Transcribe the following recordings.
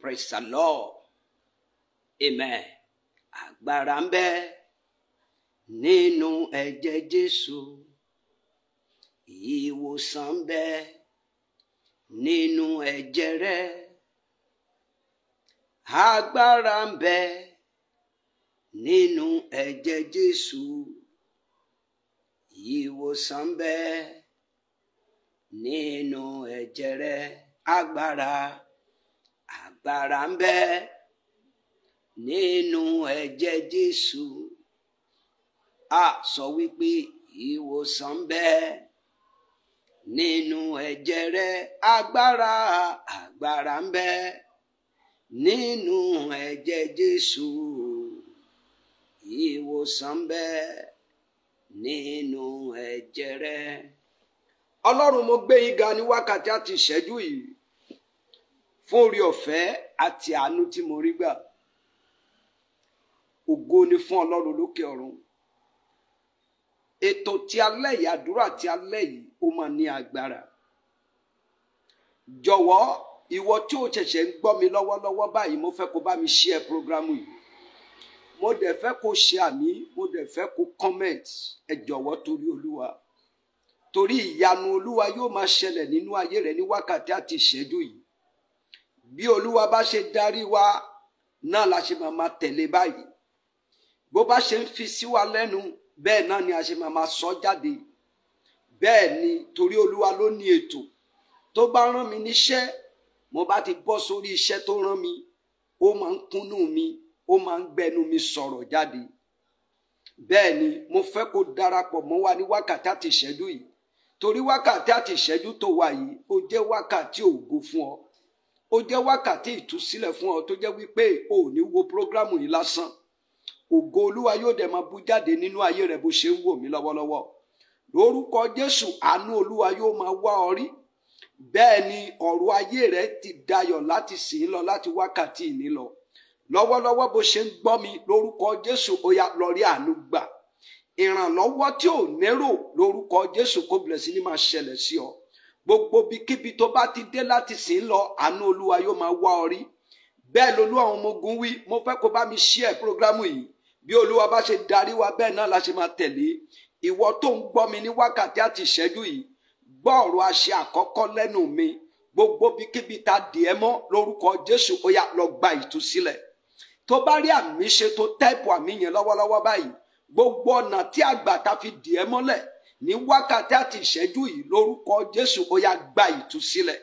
praise the lord amen agbára ń bẹ nínú ẹ̀jẹ̀ jésù ìwòsàn ń bẹ nínú ẹ̀jẹ̀ rẹ agbára ń bẹ nínú ẹ̀jẹ̀ jésù ìwòsàn ń bẹ nínú ẹ̀jẹ̀ rẹ agbára. agbára ń nínú ẹ̀jẹ̀ Jésù a sọ wípé ìwòsàn bẹ nínú ẹ̀jẹ̀ rẹ agbára agbára ń bẹ nínú ẹ̀jẹ̀ Jésù ìwòsàn bẹ nínú ẹ̀jẹ̀ rẹ. Ọlọ́run mo gbé yín ga ní wákàtí àti ìṣẹ́jú yìí fún orí ọ̀fẹ́ àti àánú tí mo rí gbà ògo ni fún ọlọ́run lókè ọ̀run ètò ti alẹ́ yìí àdúrà ti alẹ́ yìí ó máa ní agbára jọ̀wọ́ ìwọ tí o ṣẹ̀ṣẹ̀ ń gbọ́ mi lọ́wọ́lọ́wọ́ báyìí mo fẹ́ kó bá mi ṣe ẹ programu yìí mo dẹ̀ fẹ́ kó ṣe àmì mo dẹ̀ fẹ́ kó comment ẹ jọ̀wọ́ torí olúwa torí ìyanu olúwa yóò máa ṣẹlẹ̀ nínú ayé rẹ ní wákàtí àti ìṣẹ́jú yìí bí olúwa bá ṣe darí wa náà la ṣe máa máa tẹ̀lé báyìí bó bá ṣe ń fi sí wa lẹ́nu bẹ́ẹ̀ náà ni a ṣe máa máa sọ jáde bẹ́ẹ̀ ni torí olúwa ló ní ètò tó bá rán mi níṣẹ́ mo bá ti bọ́ sórí iṣẹ́ tó rán mi ó máa ń kúnnú mi ó máa ń gbẹnu mi sọ̀rọ̀ jáde bẹ́ẹ̀ ni mo fẹ́ kó darapọ̀ mọ́ wa ní wákàtí àti ìṣẹ́jú yìí torí wákàtí àti ìṣẹ́jú tó wà yìí ó jẹ́ wákàtí ògo fún ọ ó jẹ́ wákàtí ìtúsílẹ̀ fún ọ tó jẹ́ wípé o ò ní wo prógrámù yìí lásán ògo olúwa yóò dẹ̀ máa bú jáde nínú ayé rẹ bó ṣe ń wò mí lọ́wọ́lọ́wọ́ lórúkọ jésù àánú olúwa yóò máa wá ọ rí bẹ́ẹ̀ ni ọ̀rọ̀ ayé rẹ ti dayọ̀ láti sìn lọ láti wákàtí ìní lọ lọ́wọ́lọ́wọ́ bó ṣe ń gbọ́ mi lórúkọ jésù ó lọ rí àánú gbà ìrànlọ́wọ́ tí ò nérò lórúkọ jésù kó bẹ̀rẹ̀ sí ní máa ṣẹlẹ̀ sí ọ gbogbo bíkíbi tó bá ti dé láti sì ń lọ àánú olúwa yóò máa wá ọ rí bẹ́ẹ̀ lolú àwọn ọmọ ogun wí mo fẹ́ kó bá mi share programu yìí bí olúwa bá ṣe darí wa bẹ́ẹ̀ náà la ṣe máa tẹ̀lé ìwọ tó ń gbọ́ mi ní wákàtí àti ìṣẹ́jú yìí gbọ́ ọ̀rọ̀ àṣẹ àkọ́kọ́ lẹ́nu mi gbogbo bíkíbi ta dìé mọ́ lórúkọ jésù ó lọ gba ìtúsílẹ̀ tó bá rí àmì ṣe tó tẹ́ẹ̀pù àmì yẹn lọ́wọ́lọ́wọ́ báyìí gbogbo ọ̀nà tí àgbà ta fi dìé mọ́lẹ̀ ní wákàtí àti ìṣẹ́jú yìí lórúkọ Jésù ó yá gba ìtúsílẹ̀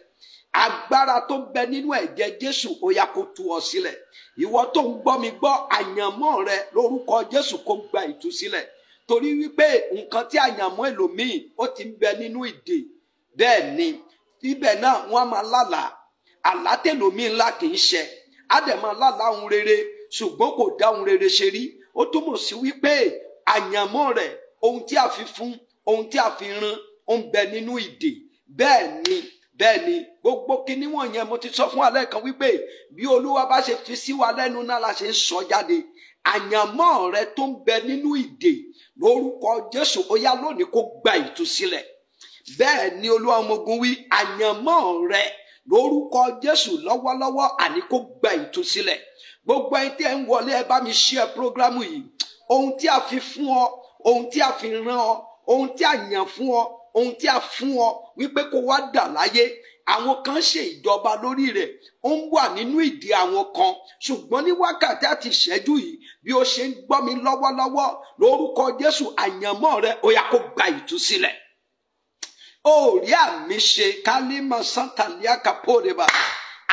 agbára tó bẹ nínú ẹ̀jẹ̀ Jésù ó yá kó tú ọ sílẹ̀ ìwọ tó ń gbọ́ mi gbọ́ àyànmọ́ rẹ lórúkọ Jésù kó gba ìtúsílẹ̀ torí wípé nǹkan tí àyànmọ́ ẹlòmíì ó ti ń bẹ nínú ìdè bẹ́ẹ̀ ni ibẹ̀ náà wọ́n máa lálàá àlá tẹlòmíì ńlá kì í ṣe á lálàá ohun rere ṣùgbọ́n kò dá ohun rere ṣe rí ó túmọ̀ sí wípé àyànmọ́ rẹ̀ ohun tí a fi fún ohun tí a fi rán ó ń bẹ nínú ìdè bẹ́ẹ̀ ni bẹ́ẹ̀ ni gbogbo kinní wọ̀nyẹn mo ti sọ fún alẹ́ kan wípé bí olúwa bá ṣe fi sí wa lẹ́nu náà la ṣe ń sọ jáde àyànmọ́ rẹ tó ń bẹ nínú ìdè lórúkọ jésù ó yá lónìí kó gba ìtúsílẹ̀ bẹ́ẹ̀ ni olúwa ọmọ wí àyànmọ́ rẹ lórúkọ jésù lọ́wọ́lọ́wọ́ àní kó gba ìtúsílẹ̀ gbogbo ẹni tí ẹ ń wọlé ẹ bá mi ṣí ẹ prógrámù yìí ohun tí a fi fún ọ ohun tí a fi rán ọ ohun tí a yàn fún ọ ohun tí a fún ọ wípé kó wá dà láyé àwọn kan ṣe ìjọba lórí rẹ̀ ó ń wà nínú ìdí àwọn kan ṣùgbọ́n ní wákàtí àti ìṣẹ́jú yìí bí ó ṣe ń gbọ́ mi lọ́wọ́lọ́wọ́ lórúkọ Jésù àyànmọ́ rẹ ó yá kó gba ìtúsílẹ̀ ó rí àmì ṣe kálímọ̀ santalia kapóreba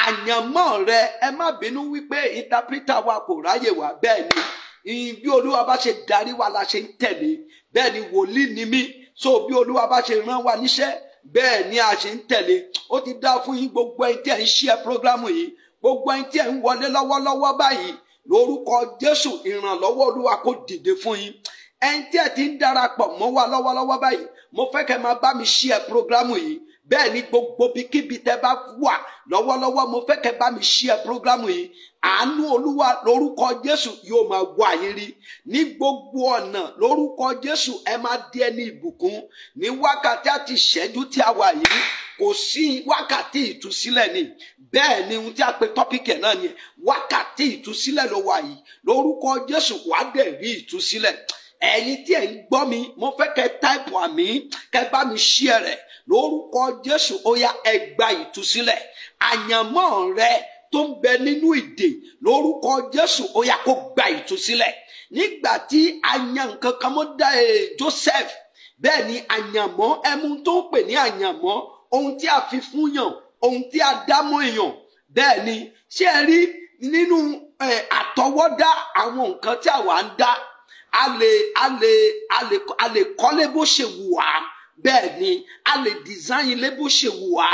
àyànmọ́ rẹ ẹ má bínú wípé interpreter wa kò ráyè wá bẹ́ẹ̀ ni bí olúwa bá ṣe darí wa la ṣe ń tẹ̀lé bẹ́ẹ̀ ni wòlíì ni mí so bí olúwa bá ṣe rán wa níṣẹ́ bẹ́ẹ̀ ni a ṣe ń tẹ̀lé ó ti dá fún yín gbogbo ẹni tí ẹ̀ ń ṣe programu yìí gbogbo ẹni tí ẹ̀ ń wọlé lọ́wọ́lọ́wọ́ báyìí lórúkọ jésù ìrànlọ́wọ́ olúwa kó dìde fún yín ẹni tí ẹ̀ ti ń darapọ̀ mọ́ wa lọ́wọ́lọ́wọ́ báyìí mo fẹ́ kẹ́ máa bá mi ṣe programu yìí bẹ́ẹ̀ ni gbogbo bíkíbi tẹ́ bá wà lọ́wọ́lọ́wọ́ mo fẹ́ kẹ́ bá mi ṣí ẹ prógrámù yìí àánú olúwa lórúkọ jésù yóò máa wá yín rí ní gbogbo ọ̀nà lórúkọ jésù ẹ máa di ẹni ìbùkún ní wákàtí àti ìṣẹ́jú tí a wà yìí kò sí wákàtí ìtúsílẹ̀ ni bẹ́ẹ̀ ni ohun tí a pe tọ́pìkì ẹ̀ náà ni wákàtí ìtúsílẹ̀ ló wà yìí lórúkọ jésù wàá dẹ̀ rí ìtúsílẹ̀ ẹ̀yin tí ẹ̀ ń gbọ́ mi mo fẹ́ kẹ́ táìpù àmì kẹ́ bá mi ṣí ẹ̀ rẹ̀ lórúkọ jésù ó yá ẹ gba ìtúsílẹ̀ àyànmọ́ rẹ tó ń bẹ nínú ìdè lórúkọ jésù ó yá kó gba ìtúsílẹ̀ nígbà tí àyàn kankan mọ́ dá eh, joseph bẹ́ẹ̀ ni àyànmọ́ ẹmu tó ń pè ní àyànmọ́ ohun tí a fi fún yàn ohun tí a dámọ́ èèyàn bẹ́ẹ̀ ni ṣé ẹ rí nínú àtọwọ́dá àwọn nǹkan tí àwa ń dá a lè a lè a lè kọ́lé bó ṣe wù wá bẹ́ẹ̀ ni a lè design ilé bó ṣe wù wá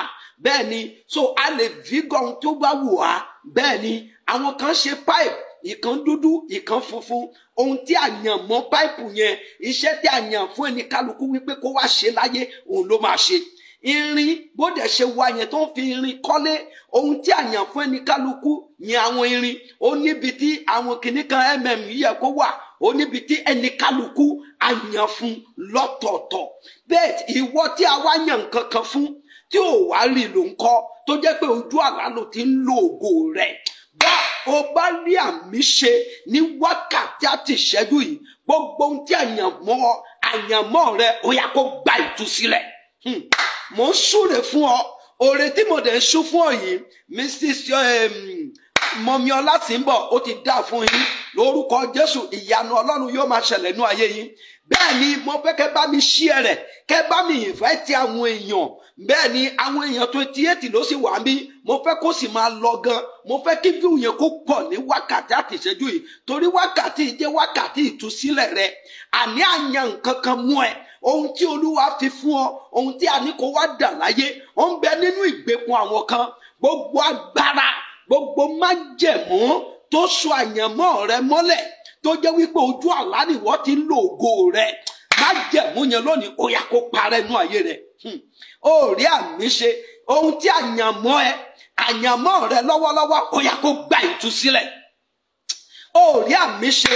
bẹ́ẹ̀ ni so a lè figure ohun tó bá wù wá bẹ́ẹ̀ ni àwọn kan ṣe pipe ìkan dúdú ìkan funfun ohun tí a yàn mọ́ pipe yẹn iṣẹ́ tí a yàn fún ẹni kálukú wípé kó wá ṣe láyé òun ló máa ṣe irin bóde ṣe wá yẹn tó ń fi irin kọ́lé ohun tí a yàn fún ẹni kálukú yẹn àwọn irin ó níbi tí àwọn kìnnìkan mm yẹ kó wà ó níbi tí ẹni a yàn fún lọ́tọ̀ọ̀tọ̀ bẹ́ẹ̀ ìwọ tí a wá yàn nǹkan fún tí ò wá rí ló ń kọ́ tó jẹ́ pé ojú àlá ló ti ń lo ògo rẹ̀ bá o bá rí àmì ṣe ní wákàtí àti ìṣẹ́jú yìí gbogbo ohun tí àyànmọ́ àyànmọ́ rẹ ó yá kó gba ìtúsílẹ̀ hmm. mò ń súre fún ọ oore tí mo dẹ̀ ń sú fún ọ yìí mrs mọ̀mí ọlá tí ń bọ̀ ó ti dá fún yín lórúkọ Jésù ìyanu Ọlọ́run yóò máa ṣẹlẹ̀ ní ayé yín bẹ́ẹ̀ ni mo fẹ́ kẹ́ bá mi ṣí ẹ rẹ̀ kẹ́ bá mi ìfẹ́ ti àwọn èèyàn bẹ́ẹ̀ ni àwọn èèyàn twenty eight ló sì wà mí mo fẹ́ kó sì máa lọ gan mo fẹ́ kí fíìmù yẹn kó pọ̀ ní wákàtí àti ìṣẹ́jú yìí torí wákàtí jẹ́ wákàtí ìtúsílẹ̀ rẹ àní àyàn nǹkan kan mú ẹ ohun tí Olúwa fi fún ọ ohun tí a ní kó wá dà láyé ó ń bẹ nínú ìgbèkùn àwọn kan gbogbo agbára gbogbo májẹ̀mú tó so àyànmọ́ rẹ mọ́lẹ̀ tó jẹ́ wípé ojú àlá nìwọ ti ń lo ògo rẹ májẹ̀mú yẹn lónìí ó yá kó parẹ́ nú ayé rẹ ó hmm. rí àmì ṣe ohun tí àyànmọ́ ẹ àyànmọ́ rẹ lọ́wọ́lọ́wọ́ ó yá kó gba ìtúsílẹ̀ ó rí àmì ṣe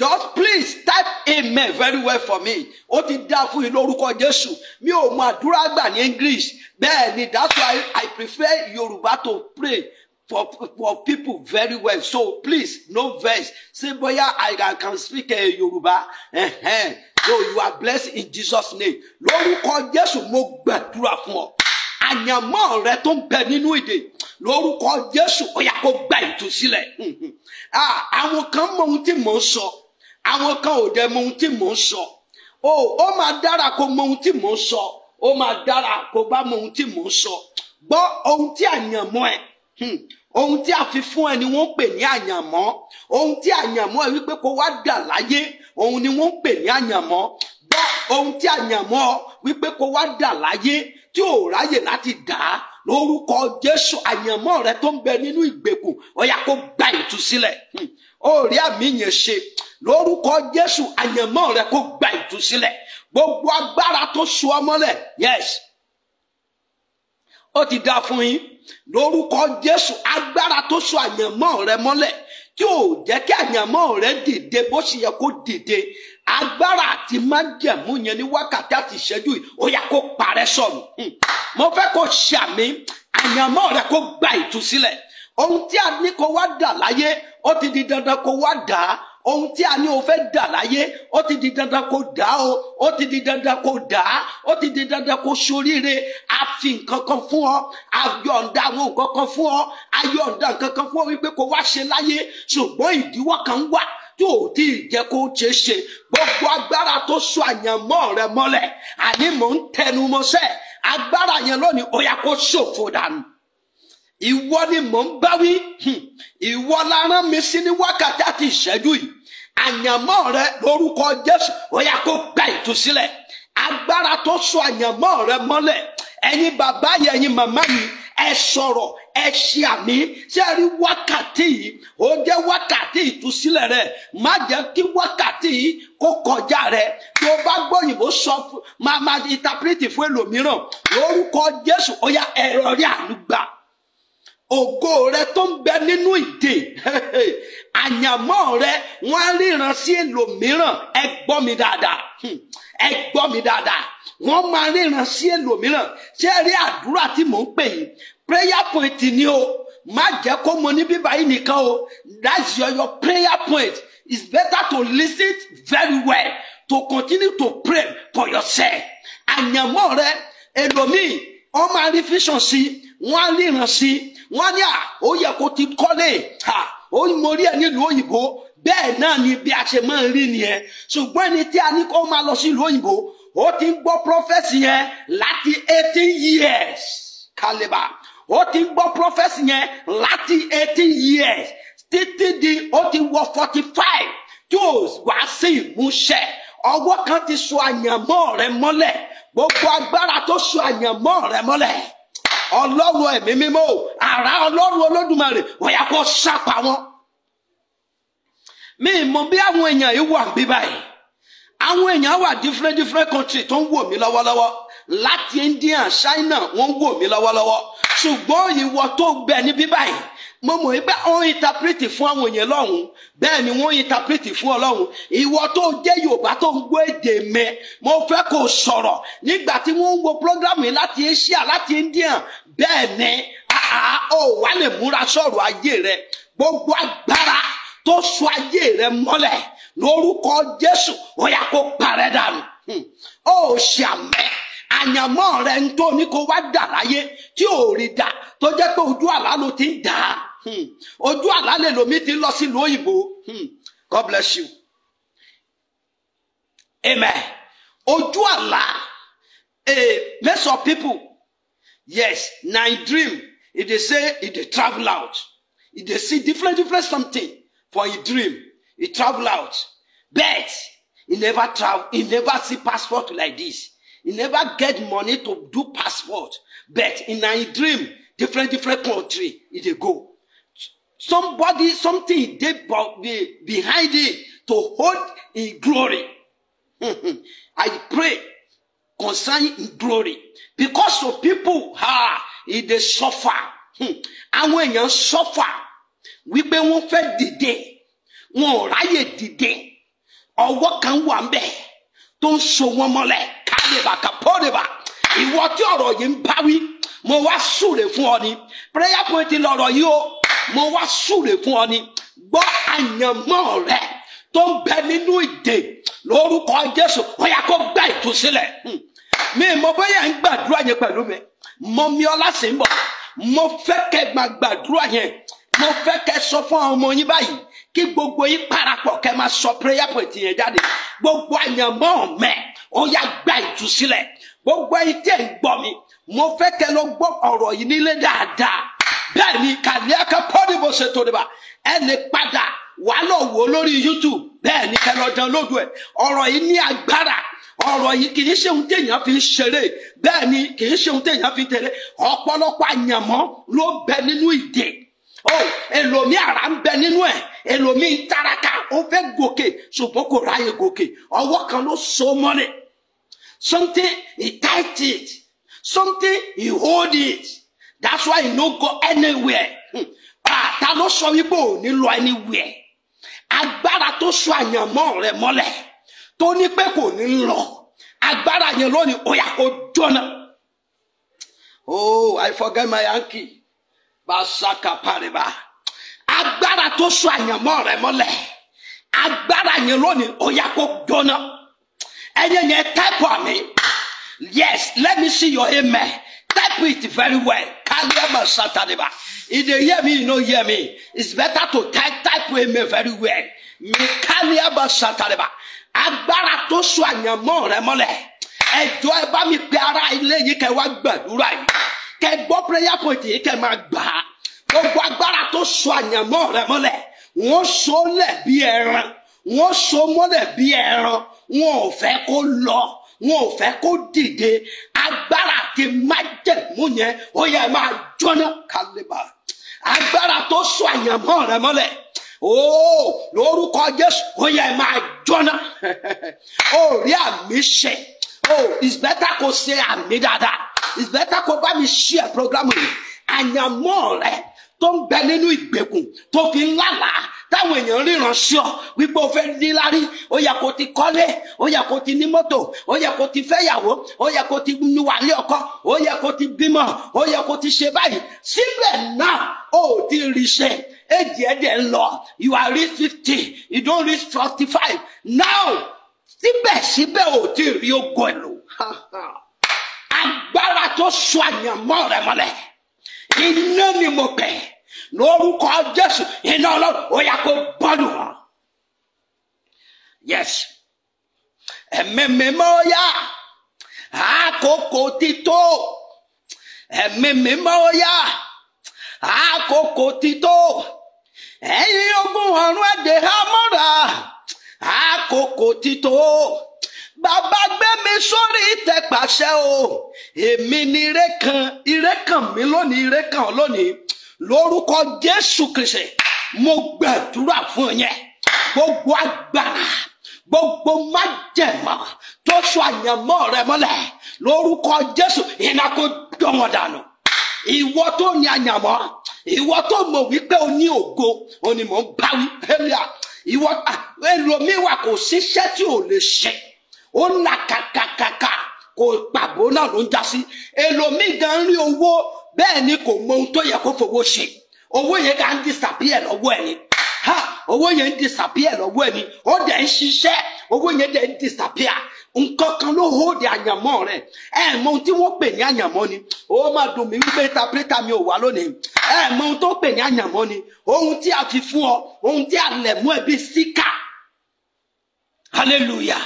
just please type amen very well for me ó ti dá fún yín lórúkọ jésù mi ò mọ àdúrà gbà ní english bẹ́ẹ̀ ni that's why i prefer yorùbá to pray for for people very well so please no verse. say boya i can, can speak uh, Yoruba uh -huh. so you are blessed in Jesus name lórúkọ Jésù mo gbàdúrà fún ọ àyànmọ́ rẹ tó ń bẹ nínú èdè lórúkọ Jésù ó yá kó gba ìtúsílẹ̀ ah, àwọn kan mọ ohun tí mò ń sọ àwọn kan ò dẹ̀ mọ ohun tí mò ń sọ ó máa dára kó mọ ohun tí mò ń sọ ó máa dára kó bá mọ ohun tí mò ń sọ gbọ́ ohun tí àyànmọ́ ẹ. Hmm. ohun tí a fi fún ẹ ni wọ́n ń pè ní àyànmọ́ ohun tí àyànmọ́ ẹ wípé kó wá dà láyé ohun ni wọ́n ń pè ní àyànmọ́ bẹ́ẹ̀ ohun tí àyànmọ́ wípé kó wá dà láyé tí ò ráyè láti dà á lórúkọ Jésù àyànmọ́ rẹ tó ń bẹ nínú ìgbèkùn ó yá kó gba ìtúsílẹ̀ hmm. ó rí àmì yẹn ṣe lórúkọ Jésù àyànmọ́ rẹ kó gba ìtúsílẹ̀ gbogbo agbára tó so ọmọlẹ̀ yes ó ti dá fún yín lórúkọ jésù agbára tó so àyànmọ́ rẹ mọ́lẹ̀ tí ò jẹ́ kí àyànmọ́ rẹ dìde bó ṣe yẹ kó dìde agbára àti májẹ̀mú yẹn ní wákàtí àti ìṣẹ́jú yìí ó yà kó parẹ́ sọ̀rọ̀ hmm. mo fẹ́ kó ṣàmì àyànmọ́ rẹ kó gba ìtúsílẹ̀ ohun tí a ní kó wá dà láyé ó ti di dandan kó wá dà á ohun tí a ní o fẹ́ dà láyé ó ti di dandan kó dà o ó ti di dandan kó dà ó ti di dandan kó ṣoríire a fi nǹkan kan fún ọ a yọ̀ǹda àwọn nǹkan kan fún ọ a yọ̀ǹda nǹkan kan fún ọ wípé kó wá ṣe láyé ṣùgbọ́n ìdíwọ́ kan wà tó o tí ì jẹ́ kó ṣe é ṣe gbogbo agbára tó so àyànmọ́ rẹ mọ́lẹ̀ àní mò ń tẹnu mọ́ṣẹ́ agbára yẹn lónìí ó yá kó ṣòfò dànù ìwọ ni mò ń bá wí hmm. ìwọ la rán mi sí ní wákàtí àti ìṣẹ́jú yìí àyànmọ́ rẹ lórúkọ Jésù ó yá kó gba ìtúsílẹ̀ agbára tó so àyànmọ́ rẹ mọ́lẹ̀ ẹ̀yin bàbá yìí ẹ̀yin màmá yìí ẹ sọ̀rọ̀ ẹ ṣe àmì ṣé ẹ rí wákàtí yìí ó jẹ́ wákàtí ìtúsílẹ̀ rẹ má jẹ́ kí wákàtí yìí kó kọjá rẹ tó bá gbóyìnbó sọ máa máa interpret fún ẹlòmíràn lórúkọ Jésù ó yá ẹ̀rọ rí àánú ògo rẹ tó ń bẹ nínú ìdè àyànmọ́ rẹ wọ́n á ríran sí ẹlòmíràn ẹ gbọ́ mi dáadáa hmm. ẹ gbọ́ mi dáadáa wọ́n máa ríran sí ẹlòmíràn ṣé ẹ rí àdúrà tí mò ń pè yín prayer point ni o má jẹ́ kó mo ní bíbá yìí nìkan o that's your, your prayer point it's better to listen very well to continue to pray for yourself àyànmọ́ rẹ ẹlòmíì wọ́n máa rí vision sí wọ́n ríran sí wọ́n ní à ó yẹ kó ti kọ́lé ha ó mo rí ẹ nílùú òyìnbó bẹ́ẹ̀ náà ni bí a ṣe máa ń rí nìyẹn ṣùgbọ́n ẹni tí a ní kó máa lọ sílùú òyìnbó ó ti ń gbọ́ prọfẹ́sì yẹn láti eighteen years kálíbà ó ti ń gbọ́ prọfẹ́sì yẹn láti eighteen years títí di ó ti wọ forty five tí ò wá sí ìmúṣẹ ọwọ́ kan ti so àyànmọ́ rẹ mọ́lẹ̀ gbogbo agbára tó so àyànmọ́ rẹ mọ́lẹ̀ ọlọ́run ẹ̀mí mímọ́ o àrá ọlọ́run olódùmarè ọ̀yà kó sápa wọn. mi mọ bí àwọn èèyàn yìí wà bí báyìí àwọn èèyàn wà different different country tó ń wò mí lọ́wọ́lọ́wọ́ láti India China wọ́n ń wò mí lọ́wọ́lọ́wọ́ ṣùgbọ́n ìwọ tó gbẹ ní bí báyìí mo mọ̀ pé wọ́n ìtàpírìtì fún àwọn èèyàn lọ́hùn bẹ́ẹ̀ ni wọ́n ìtàpírìtì fún ọlọ́hun ìwọ tó jẹ́ Yorùbá tó ń gbọ́ èdè mẹ́ mo fẹ́ kó sọ̀rọ̀ nígbà tí wọ́n ń wo programu láti Asia láti India bẹ́ẹ̀ ni ó wà lè múra sọ̀rọ̀ ayé rẹ gbogbo agbára tó so ayé rẹ mọ́lẹ̀ lórúkọ Jésù ó yá kó parẹ́ dànù hmm. ó ṣàmẹ́ àyànmọ́ rẹ ń tó ní kó wá dà láyé tí ò rí dà tó jẹ́ pé ojú àlá ló ti ń dà á hmm. ojú àlá lè lomi ti lọ sílùú òyìnbó hmm. God bless you amen ojú àlá eh, mess of people Yes, na in dream, If e they say if e they travel out. if e they see different different something for im dream. he travel out. But he never travel, He never see passport like this. He never get money to do passport. But in na dream, different different country He dey go. Somebody, something they be behind it to hold im glory. I pray concerning glory because of people ha e dey suffer hmm. àwọn èèyàn suffer wípé wọ́n fẹ́ dìde wọn ò ráyè dìde ọwọ́ kan wà ń bẹ tó ń so wọn mọ́lẹ̀ kálíbà kàpọ́ọ̀lìbà ìwọ tí ọ̀rọ̀ yìí ń bá wí mo wá súre fún ọ ni prayer point lọ́rọ̀ yìí o mo wá súre fún ọ ni gbọ́ àyànmọ́ rẹ tó ń bẹ nínú ìdè lórúkọ jésù ó yá kó gbá ìtúsílẹ̀ hmm. mi mo bóyá ń gbàdúrà yẹn pẹ̀lú mi mo mi ọlá sí ń bọ̀ mo fẹ́ kẹ́ máa gbàdúrà yẹn mo fẹ́ kẹ́ sọ fún àwọn ọmọ yín báyìí kí gbogbo yín parapọ̀ kẹ́ máa sọ prayer point yẹn jáde gbogbo àyànmọ́ mẹ́ ó yá gba ìtúsílẹ̀ gbogbo yín tẹ̀ ń gbọ́ mi mo fẹ́ kẹ́ lọ gbọ́ ọ̀rọ̀ yìí nílé dáadáa bẹ́ẹ̀ ni kàlíàkà pọ́nìbò ṣètò ìdìbà ẹni padà wàá lọ lórí YouTube bẹ́ẹ̀ ni kẹlọ́dán lódò ẹ̀ ọ̀rọ̀ yìí ní agbára ọ̀rọ̀ yìí kì í ṣe ohun téèyàn fi ń ṣeré bẹ́ẹ̀ ni kì í ṣe ohun téèyàn fi ń tẹ̀lé ọ̀pọ̀lọpọ̀ àyànmọ́ ló bẹ nínú ìdè o èlòmí àrà ń bẹ nínú ẹ̀ èlòmí ń tàràkà ó fẹ́ gòkè ṣùgbọ́n kò ráyè gòkè ọwọ́ kan ló so mọ́lẹ̀ something he tight it something he hold it that's why he no go anywhere bàtà hmm. ah, ló sọ wípé ò ní lọ anywhere agbára tó so àyànmọ́ rẹ mọ́lẹ̀ tó ní pé kò ní lọ agbára yẹn lónìí ó yà kó jóná. oh I forget my hanky basaka pariba agbára tó so àyànmọ́ rẹ mọ́lẹ̀ agbára yẹn lónìí ó yà kó jóná ẹ̀yẹ̀ yẹn tẹ́pọ̀ mi yes let me see your amen. Type it very well. Carry Kaliama Sataniba. If they hear me, you no hear me. It's better to type type with me very well. Mi Kaliama Sataniba. Agbára tó so àyànmọ́ rẹ mọ́lẹ̀. Ẹjọ́ ẹ bá mi pe ara ilé yìí kẹ wá gbàdúrà yìí. Kẹ gbọ́ prayer point yìí kẹ máa gbà á. Gbogbo agbára tó so àyànmọ́ rẹ mọ́lẹ̀. Wọ́n so lẹ̀ bí ẹran. Wọ́n so mọ́lẹ̀ bí ẹran. Wọn ò fẹ́ kó lọ wọn ò fẹ́ kó dìde agbára àti májẹ̀mú yẹn ó yẹ máa jóná kálíbà agbára tó sọ àyànmọ́ rẹ mọ́lẹ̀ ooo lórúkọ Jésù ó yẹ máa jóná ó rí àmì ṣe ó it's better kó ṣe àmì dáadáa it's better kó bá mi ṣí ẹ programu yìí àyànmọ́ rẹ tó ń bẹ nínú ìgbèkùn tó fi ń lálàá táwọn èèyàn ríran sí ọ wípé o fẹ́ níláárí ó yẹ kó ti kọ́lé ó yẹ kó ti ní mọ́tò ó yẹ kó ti fẹ́yàwó ó yẹ kó ti wà ní ọkọ ó yẹ kó ti bímọ ó yẹ kó ti ṣe báyìí síbẹ̀ náà ó ti rí ṣe ẹ̀dẹ̀ ń lọ you are reach fifty you don reach forty five now síbẹ̀síbẹ̀ ò ti rí ogo ẹ̀ lò agbára tó so àyànmọ́ rẹ̀ mọ́lẹ̀ iná ni mo pẹ̀ lórúkọ jésù iná ọlọ́run ó yá kó bọ́ọ̀lù wọn. yes ẹ̀mí mímọ́ ó yá àkókò ti tó ẹ̀mí mímọ́ ó yá àkókò ti tó ẹ̀yin ogun ọ̀run ẹ̀dẹ̀ há mọ́ra àkókò ti tó bàbá gbé mi sórí ìtẹ́ pàṣẹ o èmi ni ire kan ire kan mi lónìí ire kan lónìí lórúkọ jésù kristi mo gbàdúrà fún yẹn gbogbo agbára gbogbo májẹ̀mọ́ tó so àyànmọ́ rẹ mọ́lẹ̀ lórúkọ jésù iná kó dán wọn dànù ìwọ tó ní àyànmọ́ ìwọ tó mọ̀ wípé o ní ògo o ní mò ń bá wí ẹlẹ́à ìwọ ẹlòmíwà kò síṣẹ́ tí ò lè ṣe ó là kàkàkàkà kò pàbó náà ló ń já sí gan rí owó bẹ́ẹ̀ ni kò mọ ohun tó yẹ kó fowó ṣe owó yẹn kà ń disappear lọ́wọ́ ẹ̀ ni ha owó yẹn ń disappear lọ́wọ́ ẹ̀ ni ó dẹ̀ ń ṣiṣẹ́ owó yẹn dẹ̀ ń disappear nǹkan kan ló hold àyànmọ́ rẹ̀ ẹ mọ ohun tí wọ́n pè ní àyànmọ́ ni ó máa dùn mí wípé tapẹ́tà mi ò wá lónìí ẹ mọ ohun tó pè ní àyànmọ́ ni ohun tí a fi fún ọ ohun tí a lẹ̀ mú ẹbí síkà hallelujah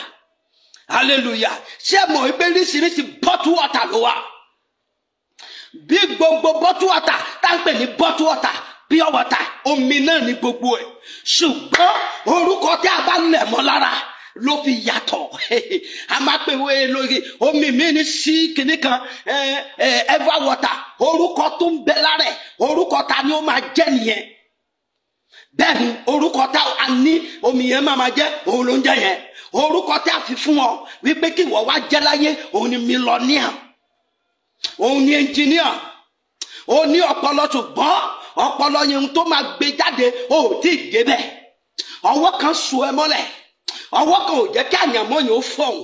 hallelujah ṣé mọ̀ wípé oríṣiríṣi bottle water ló wà bí gbogbo bọ́tú wọ́tà tá ń pè ní bọ́tú wọ́tà pure water omi náà ni gbogbo ẹ̀ ṣùgbọ́n orúkọ tí a bá nẹ̀ mọ́ lára ló fi yàtọ̀ a máa pè wé lórí omi mi ní sí kinní kan eva water orúkọ tó ń bẹ lára orúkọ ta ni ó máa jẹ́ nìyẹn bẹ́ẹ̀ ni orúkọ tá a ní omi yẹn máa máa jẹ́ òun ló ń jẹ́ yẹn orúkọ tí a fi fún ọ wípé kí ìwọ wá jẹ́ láyé òun ni mílíọ̀nìyàn òun ni ẹnjìníà ó ní ọpọlọ ṣùgbọ́n ọpọlọ yẹn tó máa gbé jáde ó tí ì débẹ̀ ọwọ́ kan so ẹ mọ́lẹ̀ ọwọ́ kan ò jẹ́ kí àyànmọ́ yẹn ó fọ̀hún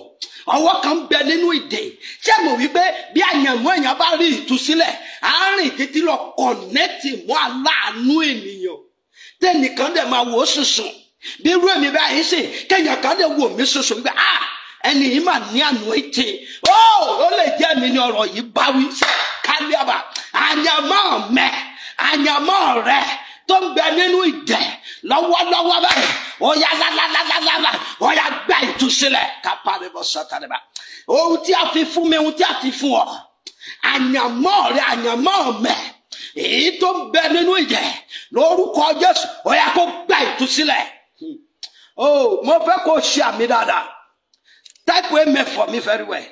ọwọ́ kan bẹ nínú ìdè ṣé mo wí pé bí àyànmọ́ èèyàn bá rí ìtúsílẹ̀ àárín títí lọ kọ̀nẹ́tì mọ́ aláàánú ènìyàn tẹ́nìkan dẹ̀ máa wò ó sùsùn bí irú èmi báyìí sì kéèyàn kan dẹ̀ wò mí sùsùn bí bá a. Ah, ẹni yìí mà ní anointing ó ó lè jẹ́ mi ní ọ̀rọ̀ yìí báwí kábíyàbá àyàmọ́ mẹ́ àyàmọ́ rẹ̀ tó ń bẹ nínú ìdẹ̀ lọ́wọ́lọ́wọ́ báyìí ó yá lálálálálá ó yá gbá ìtúsílẹ̀ kápá mi bọ́ sọ́tàdébà ohun tí a fi fún mi ohun tí a fi fún ọ àyàmọ́ rẹ̀ àyàmọ́ mẹ́ èyí tó ń bẹ nínú ìdẹ̀ lórúkọ Jésù ó kó gbá ìtúsílẹ̀ hmm. o oh, mo fẹ́ kó ṣe àmì dáadáa. Type amen for me very well.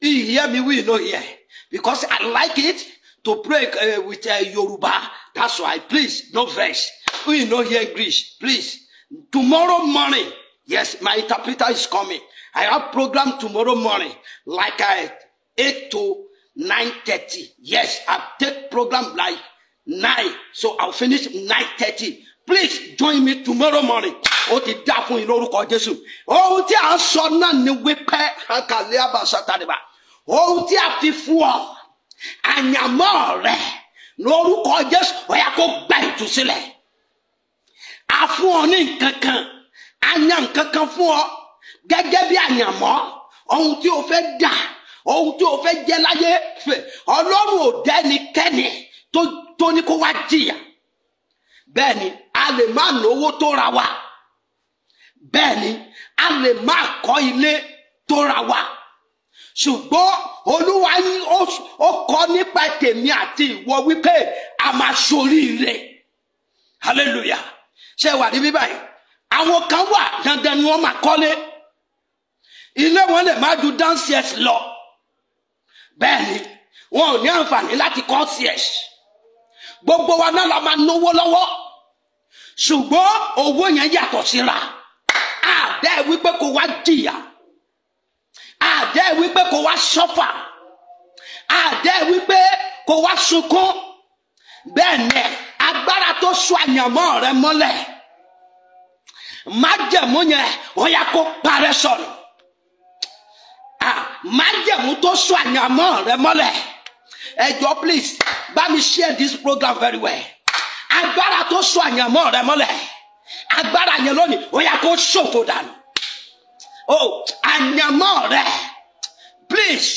You hear me, we no hear Because I like it to pray uh, with uh, Yoruba. That's why, please, no verse. We no hear English, please. Tomorrow morning, yes, my interpreter is coming. I have program tomorrow morning, like I uh, eight to nine thirty. Yes, I take program like nine, So I'll finish nine thirty please join me tomorrow morning O ti dá fún yín lórúkọ jésù ohun tí a ń sọ náà ni wípé hankalẹ́ àbàṣà tàdébà ohun tí a ti fún ọ àyànmọ́ rẹ lórúkọ jésù ó yá kó gba ìtúsílẹ̀ a fún ọ ní nǹkan kan a yan nǹkan kan fún ọ gẹ́gẹ́ bí àyànmọ́ ohun tí o fẹ́ dà ohun tí o fẹ́ jẹ́ láyé ọlọ́run ò dẹ́nikẹ́ni tó ní kó wá jìyà bẹ́ẹ̀ a lè má náwó tó ra wa bẹ́ẹ̀ ni a lè má kọ́ ilé tó ra wa ṣùgbọ́n olúwa yín ó kọ́ nípa tèmi àti ìwọ wípé a máa ṣoríire hallelujah ṣe wà ní bíbá yìí àwọn kan wà dandan ni wọ́n máa kọ́lé ilé wọn lè má ju downstairs lọ bẹ́ẹ̀ ni wọn ò ní àǹfààní láti kọ́ sí ẹ̀ gbogbo wa náà la máa náwó lọ́wọ́ ṣùgbọ́n owó yẹn yàtọ̀ síra àdá ẹ̀ wípé kò wá jìyà àdá ẹ̀ wípé kò wá sọ́fà àdá ẹ̀ wípé kò wá sunkún bẹ́ẹ̀ ni agbára tó so àyànmọ́ rẹ mọ́lẹ̀ májẹ̀mú yẹn ó yá kó parẹ́ sọ̀rọ̀ májẹ̀mú tó so àyànmọ́ rẹ mọ́lẹ̀ ẹ jọ̀ọ́ please bá mi share this program very well agbára tó so àyànmọ́ rẹ mọ́lẹ̀ agbára yẹn lónìí ó yá kó ṣòfò dànù o àyànmọ́ rẹ please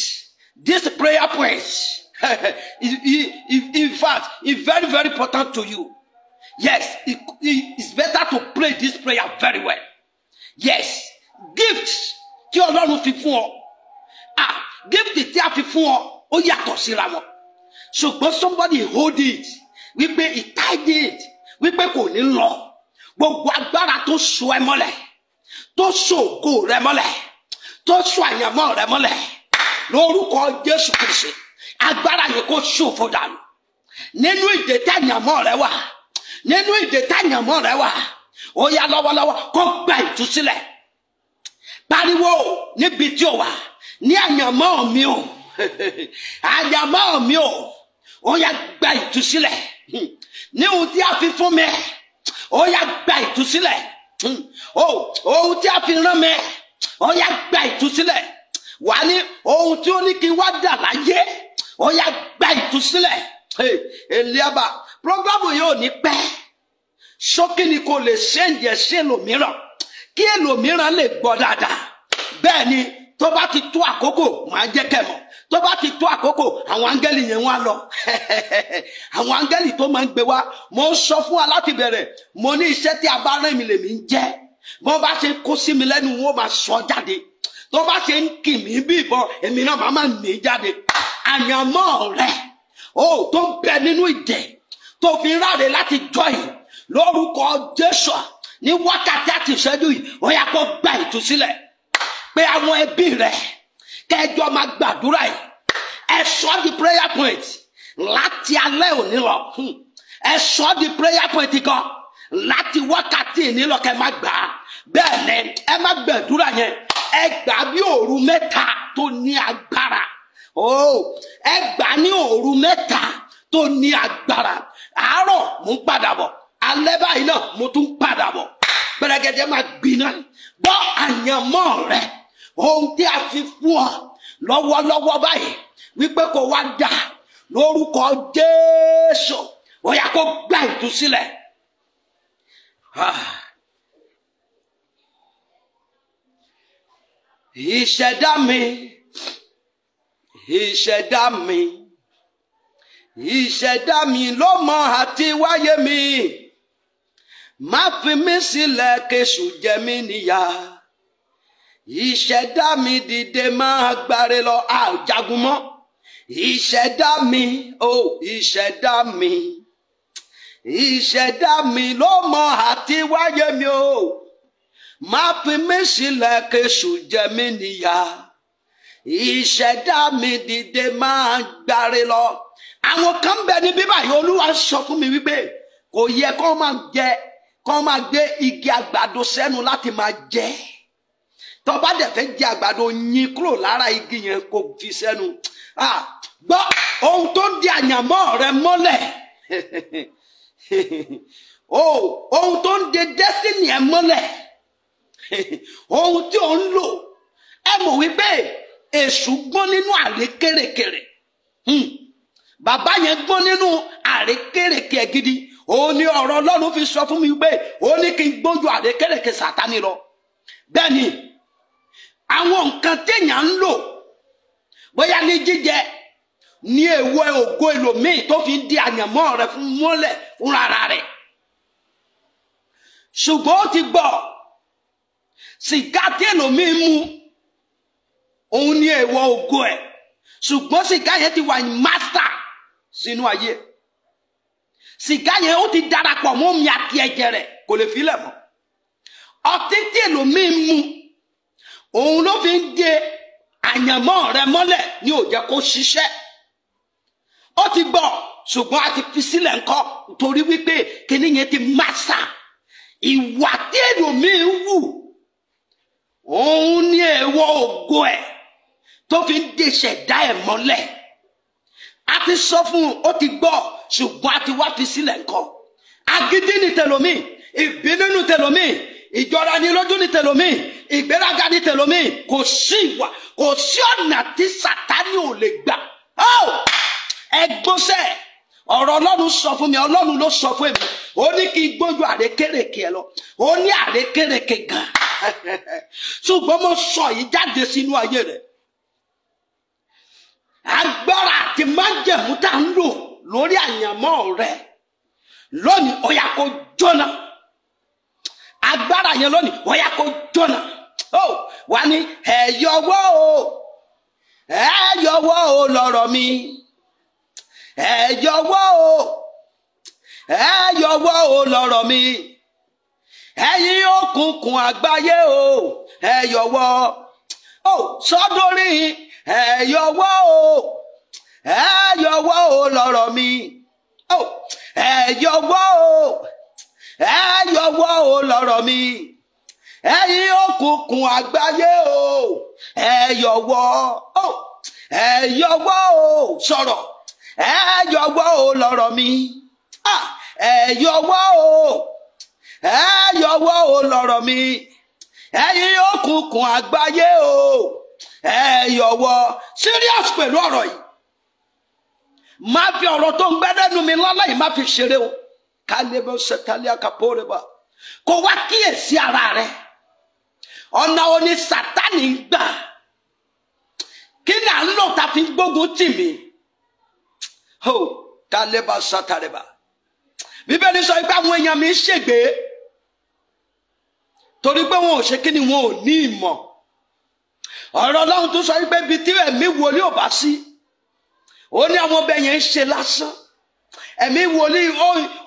this prayer point in fact it's very very important to you yes it, it's better to pray this prayer very well yes gift tí ọlọ́run fi fún ọ ah gift tí a fi fún ọ ó yàtọ̀ síra wọn ṣùgbọ́n somebody hold it wípé it decided wípé kò ní lọ gbogbo agbára tó so ẹ mọ́lẹ̀ tó so ògo rẹ mọ́lẹ̀ tó so àyànmọ́ rẹ mọ́lẹ̀ lórúkọ Jésù Kristi agbára yìí kò ṣòfò dànù nínú ìdè tàyànmọ́ rẹ wà nínú ìdè tàyànmọ́ rẹ wà ó yá lọ́wọ́lọ́wọ́ kó gba ìtúsílẹ̀ pariwo níbi tí o wà ní àyànmọ́ mi o àyànmọ́ mi o ó yá gba ìtúsílẹ̀ ní ohun tí a fi fún mi ó yá gba ìtúsílẹ̀ hmm. ohun tí a fi rán mi ó yá gba ìtúsílẹ̀ wà ní ohun tí ó ní kí n wá dà láyé ó yá gba ìtúsílẹ̀ eliaba programu yóò ní pẹ́ ṣókí ni kò lè ṣéǹjì ẹ̀ ṣe lòmíràn kí èlòmíràn lè gbọ́ dáadáa bẹ́ẹ̀ ni tó bá ti tó àkókò máa jẹ́ kẹ́ tó bá ti tó àkókò àwọn áńgẹ́lì yẹn wá lọ àwọn áńgẹ́lì tó máa ń gbé wá mo ń sọ fún wa láti bẹ̀rẹ̀ mo ní iṣẹ́ tí a bá rán mi lèmi ń jẹ́ bọ́n bá ṣe kó sí mi lẹ́nu wọn máa sọ jáde tó bá ṣe ń kì mí bí ìbọn èmi náà máa máa mí jáde àyànmọ́ rẹ o tó ń bẹ nínú ìdè tó fi ráre láti jọ yìí lórúkọ Jésù ní wákàtí àti ìṣẹ́jú yìí ó yá kó gba ìtúsílẹ̀ pé àwọn ẹbí rẹ̀ kẹjọ máa gbàdúrà yìí ẹ sọ di prayer point láti alẹ́ òní lọ hmm. ẹ sọ di prayer point kan láti wákàtí nílọ kẹ má gbà á bẹ́ẹ̀ ni ẹ má gbàdúrà yẹn ẹ gbà bí òru mẹ́ta tó ní agbára ó oh, ẹ gbà ní òru mẹ́ta tó ní agbára àárọ̀ mò ń padà bọ̀ alẹ́ báyìí náà mo tún padà bọ̀ gbẹrẹgẹdẹ máa gbiná gbọ́ àyànmọ́ rẹ̀ ohun tí a ti fún ọ lọ́wọ́lọ́wọ́ báyìí wípé kò wá dà lórúkọ Jésù ó yá kó gbà ìtúsílẹ̀. ìṣẹ̀dá mi ìṣẹ̀dá mi ìṣẹ̀dá mi ló mọ àti wáyé mi má fi mí sílẹ̀ kéṣù jẹ mí níyà ìṣẹ̀dá mi dìde máa gbáre lọ a ò jagun mọ́ ìṣẹ̀dá mi o ìṣẹ̀dá mi ìṣẹ̀dá mi ló mọ àti wáyé mi o má fi mí sílẹ̀ kéṣù jẹ mí níyà ìṣẹ̀dá mi dìde máa gbáre lọ àwọn kan bẹ ní bíbá olúwa sọ fún mi wípé kò yẹ kó máa jẹ kó máa gbé igi àgbàdo sẹ́nu láti máa jẹ tó bá dẹ̀ fẹ́ jẹ àgbàdo yín kúrò lára igi yẹn kò fi sẹ́nu gbọ́ ohun tó ń di àyànmọ́ rẹ mọ́lẹ̀ oh, ohun tó ń de destiny ẹ mọ́lẹ̀ ohun tí ò ń lò ẹ mọ̀ wípé èṣù gbọ́n nínú àrè kèrèkèrè hmm. bàbá yẹn gbọ́n nínú àrè kèrèkèrè gidi òun ni ọ̀rọ̀ Ọlọ́run fi sọ fún mi pé òun ní kí n gbójú àrè kèrèkèrè sàtánì lọ bẹ́ẹ̀ ni àwọn nǹkan téèyàn ń lò bóyá ní jíjẹ ní èèwọ̀ ògo ẹlòmíì tó fi ń di àyànmọ́ rẹ fún mọ́lẹ̀ fúnra rẹ̀ ṣùgbọ́n ó ti gbọ́ sìgá tí ẹlòmíì mú òun ní èèwọ̀ ògo ẹ̀ ṣùgbọ́n sìgá yẹn ti wà ní mástà sínú ayé sìgá yẹn ó ti darapọ̀ mọ́ omi àti ẹ̀jẹ̀ rẹ̀ kò lè filẹ̀ mọ́ ọtí tí ẹlòmíì mú òun ló fi ń de àyànmọ́ rẹ mọ́lẹ̀ ní ó jẹ́ kó ṣiṣẹ́ ó ti gbọ́ ṣùgbọ́n a ti fi sílẹ̀ ńkọ́ torí wípé kíní yẹn ti máṣà ìwà tí èlòmíín wù òun ní èèwọ̀ ògo ẹ̀ tó fi ń de ṣẹ̀dá ẹ̀ mọ́lẹ̀ a ti sọ fún un ó ti gbọ́ ṣùgbọ́n a ti wá fi sílẹ̀ ńkọ́ agídí ni tẹlomi ìbínú ni tẹlomi ìjọra ni lójú ni tẹlomi ìgbéraga ni tẹlomi kò sí ìwà kò sí ọ̀nà tí sàtánì ò lè gbà ẹ ọ̀rọ̀ ọlọ́run sọ fún mi ọlọ́run ló sọ fún mi ó ní kí n gbójú àrékèrèké ẹ lọ ó ní àrékèrèké gan ṣùgbọ́n mo sọ yìí jáde sínú ayé rẹ̀ agbára àti májẹ̀mú tá ń lò lórí àyànmọ́ rẹ̀ lónìí ó yá kó jóná agbára yẹn lónìí wọ́n yà kó jóná ó wà ní ẹ̀yọ́wọ́ o ẹ̀yọ́wọ́ o lọ́rọ̀ mi ẹ̀yọ́wọ́ o ẹ̀yọ́wọ́ o lọ́rọ̀ mi ẹ̀yin òkùnkùn àgbáyé o ẹ̀yọ́wọ́ o sọ́dọ́rí ẹ̀yọ́wọ́ o ẹ̀yọ́wọ́ o lọ́rọ̀ mi ẹ̀yọ́wọ́ o ẹ yọwọ́ o lọ́rọ̀ mi ẹ̀yin òkùnkùn àgbáyé o ẹ yọwọ́ o ẹ yọwọ́ o sọ̀rọ̀ ẹ yọwọ́ o lọ́rọ̀ mi ẹ yọwọ́ o ẹ yọwọ́ o lọ́rọ̀ mi ẹ̀yin òkùnkùn àgbáyé o ẹ yọwọ́ serious pẹ̀lú ọ̀rọ̀ yìí má fi ọ̀rọ̀ tó ń gbẹ́dẹ́nu mi lọ́lá yìí má fi ṣeré o kálíbọ̀ sẹ́tàlíà kàpọ́rẹ́bà kó wá kíyèsí ara rẹ ọ̀nà òní sátánì ń gbà kí là ń lò tá fi gbógun tì mí ho kálíbà sátàrẹ́bà bíbélì sọ pé àwọn èèyàn mi ń ṣègbè torí pé wọn ò ṣe kí ni wọn ò ní ìmọ̀ ọ̀rọ̀ ọlọ́run tó sọ pé ibi tí ẹ̀mí wòlíì bá sí ó ní àwọn ọbẹ̀ yẹn ń ṣe lásán ẹ̀mí wòlíì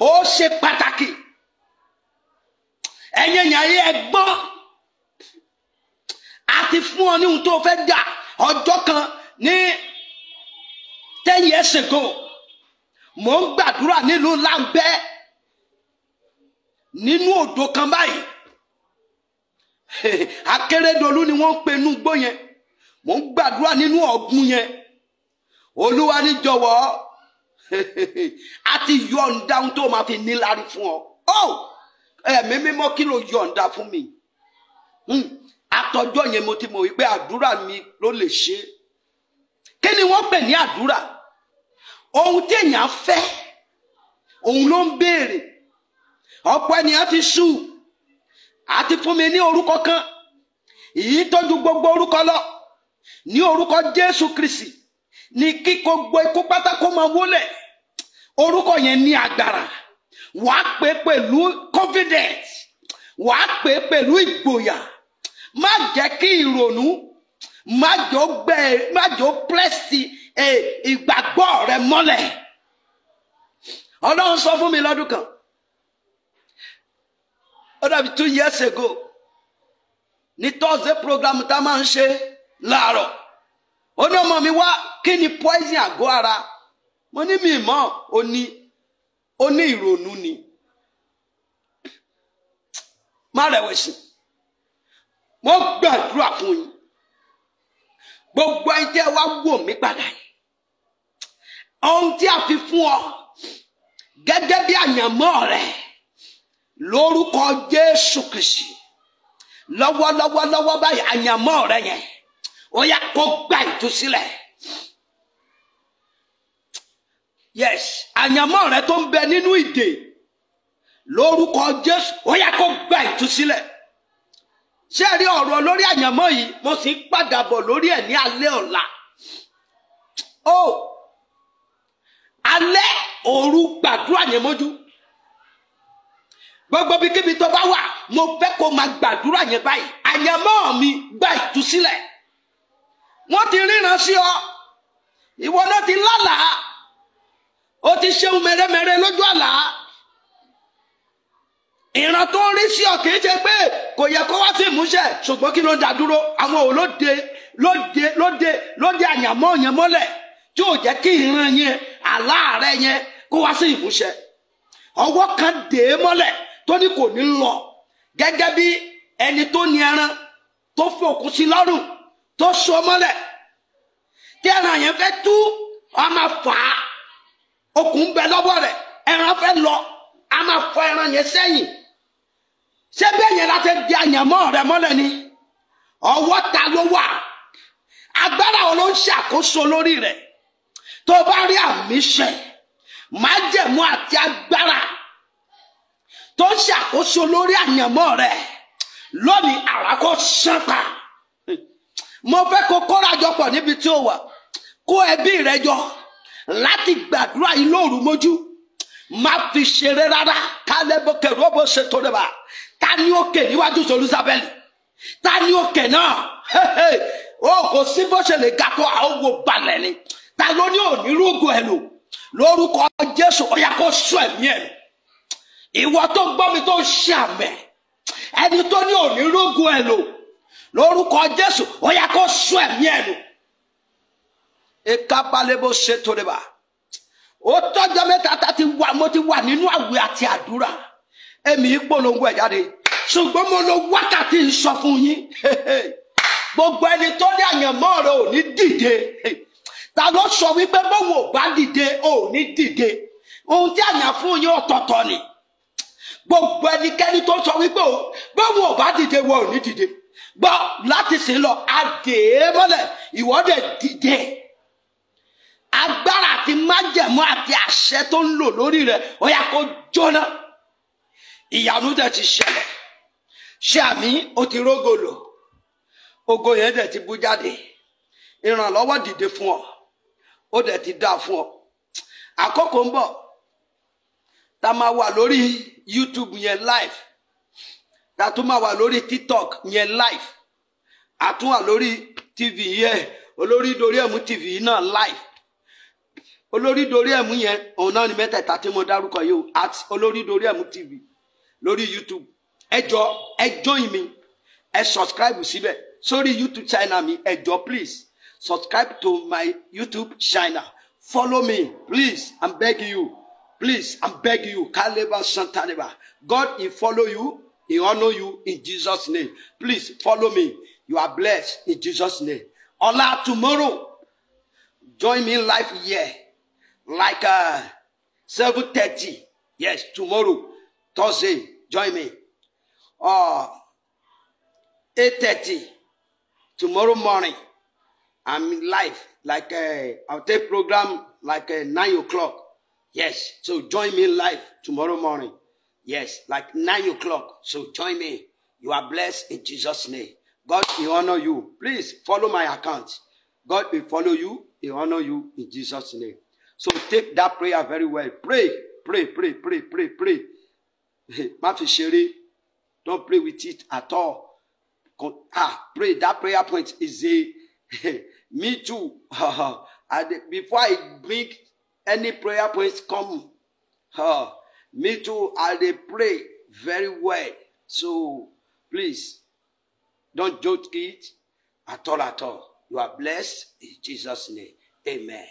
ó ṣe pàtàkì ẹ̀yìn ẹ̀yìn ayé ẹ gbọ́ àti fún ọ ní ohun tó fẹ́ dà ọjọ́ kan ní ten years ago mò ń gbàdúrà nílùú láńbẹ́ nínú odò kan báyìí akérèdọ́lù ni wọ́n ń pe inú gbó yẹn mò ń gbàdúrà nínú ọ̀gbun yẹn olúwa ní a ti yọ̀ǹda ohun tó máa fi níláárí fún ọ ó ẹ̀mí mímọ́ kí ló yọ̀ǹda fún mi hmm. àtọjọ́ yẹn mo ti mọ̀ wípé àdúrà mi ló lè ṣe kí ni wọ́n pè ní àdúrà ohun tí èèyàn fẹ́ òun ló ń béèrè ọ̀pọ̀ ènìyàn ti ṣù àti fún mi ní orúkọ kan èyí tó ju gbogbo orúkọ lọ ní orúkọ Jésù Kristi ní kíkó gbọ́ ikú pátá kó máa wólẹ̀ orúkọ yẹn ní agbára wàá pè pẹ̀lú confidence wàá pè pẹ̀lú ìgboyà má jẹ́ kí ìrònú má jọ gbẹ má jọ pẹ́sì ìgbàgbọ́ rẹ mọ́lẹ̀ ọlọ́run sọ fún mi lọ́dún kan ó dàbí two years ago ní thursday program tá a máa ń ṣe láàárọ̀ ó ní ọmọ mi wá kí ni poison àgọ́ ara mo ní mi mọ́ ó ní ó ní ìrònú ni má rẹ̀wẹ̀sì mo gbàdúrà fún yín gbogbo ẹni tí ẹ wá wò mí padà yìí ohun tí a fi fún ọ gẹ́gẹ́ bí àyànmọ́ rẹ̀ lórúkọ Jésù Kristi lọ́wọ́lọ́wọ́lọ́wọ́ báyìí àyànmọ́ rẹ̀ yẹn ó yá kó gba ìtúsílẹ̀ yes àyànmọ́ rẹ tó ń bẹ nínú ìdè lórúkọ Jésù ó yá kó gba ìtúsílẹ̀ ṣé rí ọ̀rọ̀ lórí àyànmọ́ yìí mo sì ń padà bọ̀ lórí ẹ̀ ní alẹ́ ọ̀la o alẹ́ òru gbàdúrà yẹn mójú gbogbo bí kíbi tó bá wà mo fẹ́ kó máa gbàdúrà yẹn báyìí àyànmọ́ mi gba ìtúsílẹ̀. wọ́n ti ríran sí ọ ìwọ ti lálàá ó ti ṣeun mere lójú àlá ìran tó ń rí sí ọ kìí ṣe pé kò yẹ kó wá sí ìmúṣẹ ṣùgbọ́n kí ló ń dá dúró àwọn òlóde lóde lóde lóde àyàmọ́ yẹn mọ́lẹ̀ tí ò kí ìran yẹn àlá rẹ yẹn kó wá sí kan dè é tó ní kò ní lọ bí ẹni tó tó so mọ́lẹ̀ tí ẹran yẹn fẹ́ tú a máa fà á okùn bẹ lọ́wọ́ rẹ̀ ẹran fẹ́ lọ a máa fọ ẹran yẹn sẹ́yìn ṣé bẹ́ẹ̀ yẹn láti di àyànmọ́ rẹ̀ mọ́lẹ̀ ni ọwọ́ ta ló wà agbára wo ló ń ṣàkóso lórí rẹ̀ tó bá rí àmì ṣẹ májẹ̀mú àti agbára tó ń ṣàkóso lórí àyànmọ́ rẹ̀ lónìí àràkọ́ ṣán mo fẹ́ kó kórajọpọ̀ níbi tí ó wà kó ẹbí rẹ jọ láti gbàdúrà yìí lóru mójú má fi ṣeré rárá kálẹ́bọ̀kẹ̀ rọ́bò ṣètò rẹ̀ bá ta ni ó kè níwájú solúsábẹ́lì ta ni ó kè náà ó kò sí bó ṣe lè ga tó àwọn wo balẹ̀ ni ta ló ní onírúgbò ẹ̀ lò lórúkọ Jésù ó yá kó sún ẹ̀mí ẹ̀ ìwọ tó gbọ́ mi tó ṣàmẹ̀ ẹni tó ní onírúgbò ẹ̀ lò lórúkọ jésù ó yá kó sún ẹ̀mí ẹ̀ nù ekabalebo setoreba ó tọ́jọ́ mẹ́ta tá ti wà mo ti wà nínú àwẹ̀ àti àdúrà èmi ìpolongo ẹ̀ jáde ṣùgbọ́n mo lo wákàtí ń sọ fún yín gbogbo ẹni tó ní àyànmọ́ rẹ ò ní dìde ta ló sọ wípé bóun ò bá dìde ò ní dìde ohun tí àyàn fún yín ọ̀tọ̀ọ̀tọ̀ ni gbogbo ẹnikẹ́ni tó sọ wípé bóun ò bá dìde wọn ò ní dìde gbọ́ láti sìn lọ adè é e mọ́lẹ̀ ìwọ́dẹ̀ dìde agbára àti májẹ̀mú àti àṣẹ tó ń lò lórí rẹ̀ ó yá kó jóná ìyanu dẹ̀ ti ṣẹlẹ̀ ṣé àmì ó ti rógò lò ògo yẹn dẹ̀ ti bú jáde ìrànlọ́wọ́ dìde fún ọ ó dẹ̀ ti dáa fún ọ àkókò ń bọ̀ tá a máa wà lórí YouTube yẹn live a tún máa wà lórí tiktok yẹn live a tún wà lórí tv yẹn olórí dorí ẹ̀mú tv náà live olórí dorí ẹ̀mú yẹn òun náà ni mẹ́tẹ̀ẹ̀ta tí mo dárúkọ yìí o at olórí dorí ẹ̀mú tv lórí youtube ẹ jọ ẹ join mi ẹ subscribe síbẹ̀ sórí youtube China mi ẹ please subscribe to my youtube China. follow me please i'm begging you please i'm begging you kaleba santaneba god he follow you He honor you in Jesus' name. Please follow me. You are blessed in Jesus' name. Allah tomorrow. Join me live here. Like uh 7.30. Yes, tomorrow. Thursday. Join me. Uh 8.30. Tomorrow morning. I'm live. Like uh, I'll take program like uh, 9 o'clock. Yes. So join me live tomorrow morning. Yes, like 9 o'clock. So join me. You are blessed in Jesus' name. God will honor you. Please follow my account. God will follow you. He honor you in Jesus' name. So take that prayer very well. Pray, pray, pray, pray, pray, pray. Mafishiri, don't play with it at all. Ah, pray. That prayer point is a me too. before I bring any prayer points, come. Uh, Me too, I dey pray very well. So please, don't joke it at all at all. You are blessed in Jesus' name. Amen.